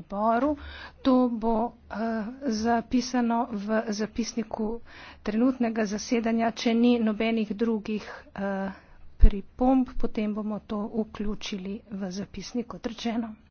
odboru. To bo uh, zapisano v zapisniku trenutnega zasedanja, če ni nobenih drugih uh, pripomb, potem bomo to vključili v zapisnik odrečeno.